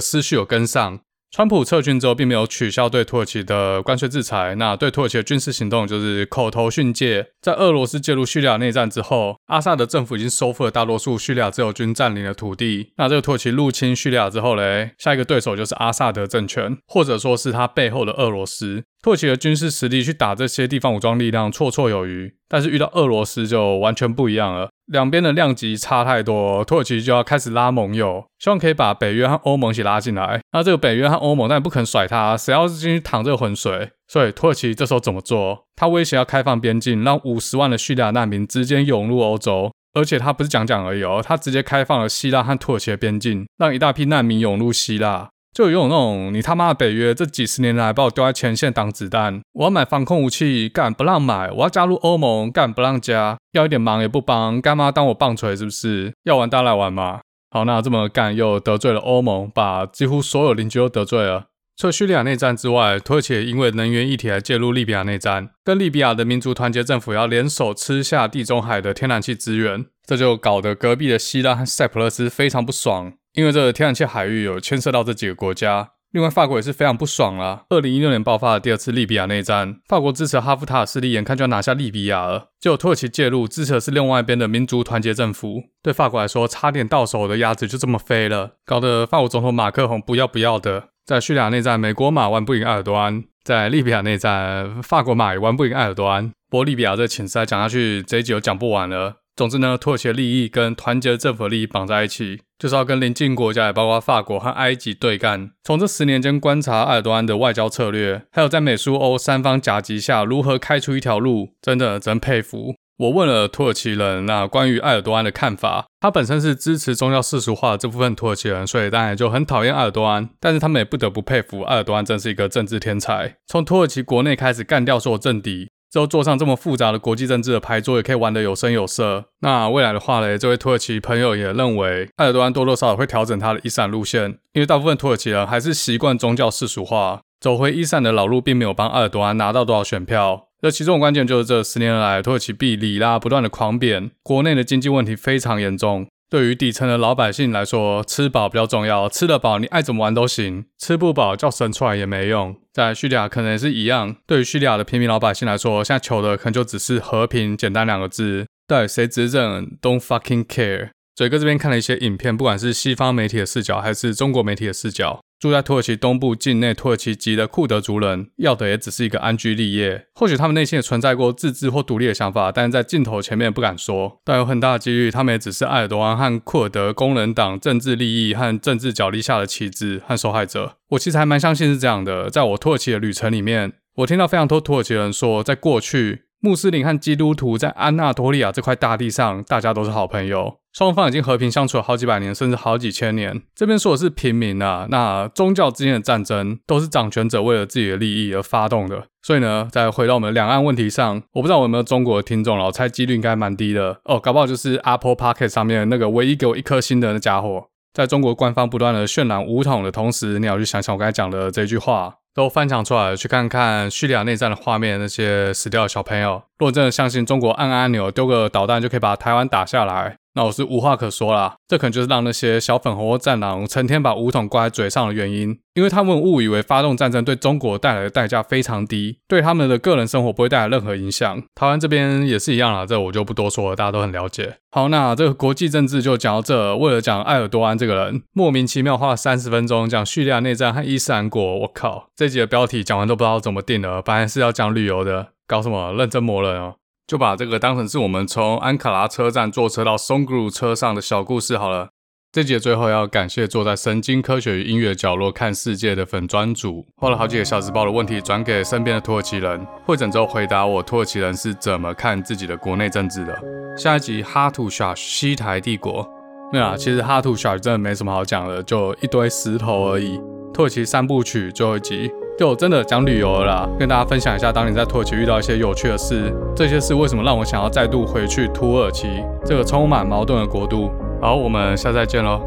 思緒有跟上。川普撤軍之後，並沒有取消對土耳其的關稅制裁。那對土耳其的軍事行動就是口頭訓誡。在俄羅斯介入敘利亞內戰之後，阿薩德政府已經收復了大多數敘利亞自由軍佔領的土地。那這個土耳其入侵敘利亞之後嘞，下一個對手就是阿薩德政權，或者說是他背後的俄羅斯。土耳其的軍事實力去打這些地方武裝力量綽綽有餘，但是遇到俄羅斯就完全不一樣了。兩邊的量級差太多，土耳其就要開始拉盟友，希望可以把北約和歐盟一起拉進來。那這個北約和歐盟當然不肯甩他，誰要是進去淌這個渾水？所以土耳其這時候怎麼做？他威脅要開放邊境，讓五十萬的敘利亞難民直接湧入歐洲。而且他不是講講而已哦，他直接開放了希臘和土耳其的邊境，讓一大批難民湧入希臘。就有那種你他媽的北約，這幾十年來把我丟在前線擋子彈，我要買防空武器，幹不讓買；我要加入歐盟，幹不讓加，要一點忙也不幫，幹嘛當我棒槌？是不是？要玩大家來玩嘛。好，那這麼幹又得罪了歐盟，把幾乎所有鄰居都得罪了。除了敘利亞內戰之外，土耳其也因為能源議題還介入利比亞內戰，跟利比亞的民族團結政府要聯手吃下地中海的天然氣資源，這就搞得隔壁的希臘和塞浦路斯非常不爽。因為這個天然氣海域有牽涉到這幾個國家，另外法國也是非常不爽啦。二零一六年爆發的第二次利比亞內戰，法國支持哈夫塔爾勢力，眼看就要拿下利比亞了，結果土耳其介入，支持的是另外一邊的民族團結政府。對法國來說，差點到手的鴨子就這麼飛了，搞得法國總統馬克宏不要不要的。在敘利亞內戰，美國馬玩不贏埃爾多安；在利比亞內戰，法國馬也玩不贏埃爾多安。不過利比亞這情勢講下去，這一集又講不完了。總之呢，土耳其的利益跟團結政府的利益綁在一起。就是要跟鄰近國家，也包括法國和埃及對幹。從這十年間觀察埃爾多安的外交策略，還有在美、蘇、歐三方夾擊下如何開出一條路，真的真佩服。我問了土耳其人那關於埃爾多安的看法，他本身是支持宗教世俗化的這部分土耳其人，所以當然也就很討厭埃爾多安。但是他們也不得不佩服埃爾多安，真是一個政治天才，從土耳其國內開始幹掉所有政敵之後坐上這麼複雜的國際政治的牌桌，也可以玩得有聲有色。那未來的話嘞，這位土耳其朋友也認為，埃爾多安多多少少會調整他的伊斯蘭路線，因為大部分土耳其人還是習慣宗教世俗化，走回伊斯蘭的老路，並沒有幫埃爾多安拿到多少選票。這其中的關鍵就是這十年來土耳其幣里拉不斷的狂貶，國內的經濟問題非常嚴重。對於底層的老百姓來說，吃飽比較重要。吃得飽，你愛怎麼玩都行；吃不飽，叫生出來也沒用。在敘利亞可能也是一樣。對於敘利亞的平民老百姓來說，現在求的可能就只是和平，簡單兩個字。對，誰執政，Don't fucking care。嘴哥這邊看了一些影片，不管是西方媒體的視角，還是中國媒體的視角。住在土耳其東部境內土耳其籍的庫德族人，要的也只是一個安居立業。或許他們內心也存在過自治或獨立的想法，但是在鏡頭前面不敢說。但有很大的幾率，他們也只是埃爾多安和庫爾德工人黨政治利益和政治角力下的棋子和受害者。我其實還蠻相信是這樣的。在我土耳其的旅程裡面，我聽到非常多土耳其人說，在過去，穆斯林和基督徒在安納托利亞這塊大地上，大家都是好朋友，雙方已經和平相處了好幾百年，甚至好幾千年。這邊說的是平民啊，那宗教之間的戰爭都是掌權者為了自己的利益而發動的。所以呢，再回到我們兩岸問題上，我不知道我有沒有中國的聽眾，我猜幾率應該蠻低的哦。搞不好就是 Apple Pocket 上面那個唯一給我一顆星的那傢伙。在中國官方不斷的渲染武統的同時，你要去想想我剛才講的這句話。都翻牆出來了，去看看敘利亞內戰的畫面，那些死掉的小朋友。若真的相信中國按按鈕丟個導彈就可以把台灣打下來。啊、我是無話可說啦，這可能就是讓那些小粉紅戰狼成天把武統掛在嘴上的原因，因為他們誤以為發動戰爭對中國帶來的代價非常低，對他們的個人生活不會帶來任何影響。台灣這邊也是一樣啦，這個、我就不多說了，大家都很了解。好，那這個國際政治就講到這。為了講埃爾多安這個人，莫名其妙花了三十分鐘講敘利亞內戰和伊斯蘭國，我靠，這集的標題講完都不知道怎麼定了，本來是要講旅遊的，搞什麼認真魔人哦。就把這個當成是我們從安卡拉車站坐車到松格魯車上的小故事好了。這集的最後要感謝坐在神經科學與音樂的角落看世界的粉專組花了好幾個小時把我的問題轉給身邊的土耳其人，會診之後回答我，土耳其人是怎麼看自己的國內政治的。下一集哈圖沙西台帝國。那啊，其實哈圖沙真的沒什麼好講的，就一堆石頭而已。土耳其三部曲最後一集，就真的講旅遊了啦，跟大家分享一下，當年在土耳其遇到一些有趣的事。這些事為什麼讓我想要再度回去土耳其這個充滿矛盾的國度？好，我們下次再見嘍。